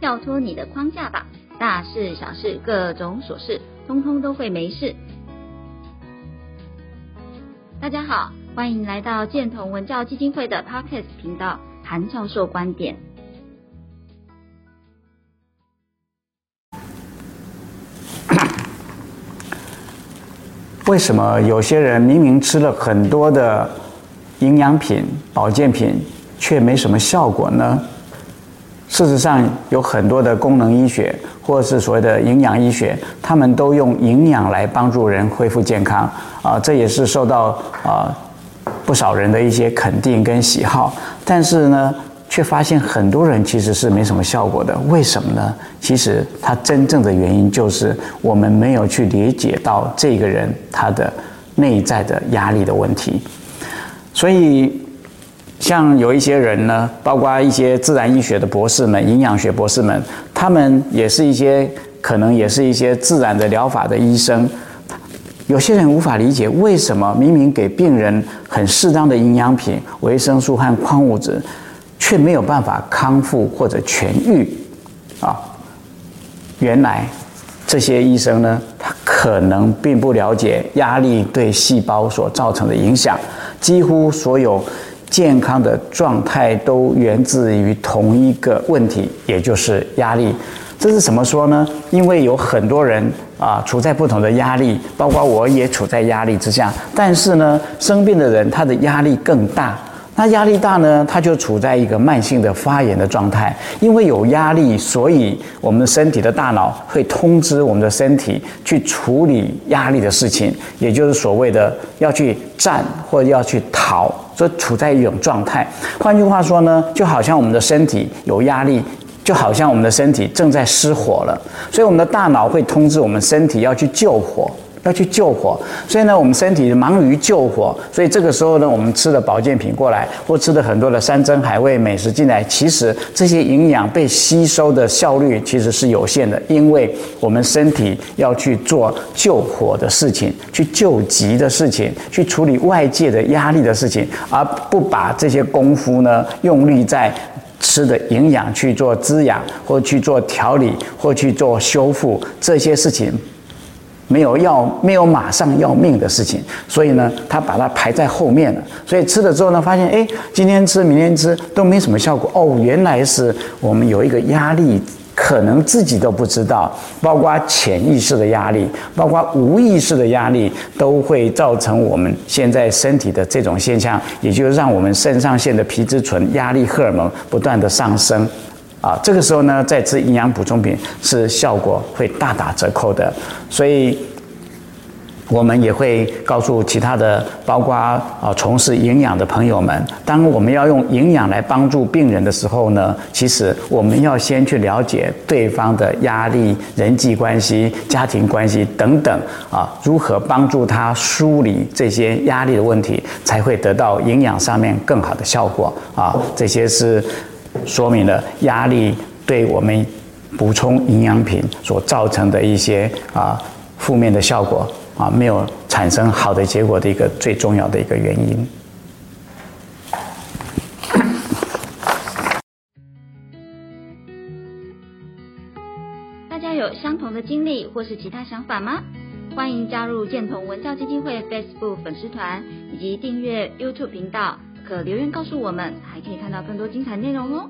跳脫你的框架吧，大事小事，各種瑣事，通通都會沒事。大家好，歡迎來到健同文教基金會的 Podcast 頻道，韓教授觀點。為什麼有些人明明吃了很多的營養品、保健品，卻沒什麼效果呢？事實上，有很多的功能醫學，或者是所謂的營養醫學，他們都用營養來幫助人恢復健康啊，這也是受到啊不少人的一些肯定跟喜好。但是呢，却发現很多人其實是沒什麼效果的，為什麼呢？其實他真正的原因就是我們沒有去理解到這個人他的內在的壓力的問題，所以。像有一些人呢，包括一些自然醫學的博士們、營養學博士們，他們也是一些可能也是一些自然的療法的醫生。有些人無法理解，為什麼明明給病人很適當的營養品、維生素和礦物質，卻沒有辦法康復或者痊愈？啊，原來這些醫生呢，他可能並不了解壓力對細胞所造成的影響，幾乎所有。健康的狀態都源自於同一個問題，也就是壓力。這是怎麼說呢？因為有很多人啊，處在不同的壓力，包括我也處在壓力之下。但是呢，生病的人他的壓力更大。那壓力大呢，它就處在一個慢性的發炎的狀態，因為有壓力，所以我們的身體的大腦會通知我們的身體去處理壓力的事情，也就是所謂的要去戰或者要去逃，所以處在一種狀態。換句話說呢，就好像我們的身體有壓力，就好像我們的身體正在失火了，所以我們的大腦會通知我們身體要去救火。要去救火，所以呢，我們身體忙於救火，所以這個時候呢，我們吃的保健品過來，或吃的很多的山珍海味美食進來，其實這些營養被吸收的效率其實是有限的，因為我們身體要去做救火的事情，去救急的事情，去處理外界的壓力的事情，而不把這些功夫呢用力在吃的營養去做滋養，或去做調理，或去做修復這些事情。沒有要沒有馬上要命的事情，所以呢，他把它排在後面了。所以吃了之後呢，發現誒，今天吃明天吃都沒什麼效果。哦，原來是我們有一個壓力，可能自己都不知道，包括潛意識的壓力，包括無意識的壓力，都會造成我們現在身體的這種現象，也就是讓我們腎上腺的皮質醇壓力荷爾蒙不斷的上升。啊，這個時候呢，再吃營養補充品是效果會大打折扣的。所以，我們也會告訴其他的，包括啊，從事營養的朋友們，當我們要用營養來幫助病人的時候呢，其實我們要先去了解對方的壓力、人際關係、家庭關係等等啊，如何幫助他梳理這些壓力的問題，才會得到營養上面更好的效果啊。這些是。說明了壓力對我們補充營養品所造成的一些啊負面的效果啊，沒有產生好的結果的一個最重要的一個原因。大家有相同的經歷或是其他想法嗎？歡迎加入健同文教基金會 Facebook 粉絲團以及訂閱 YouTube 頻道。可留言告訴我們，還可以看到更多精彩內容哦。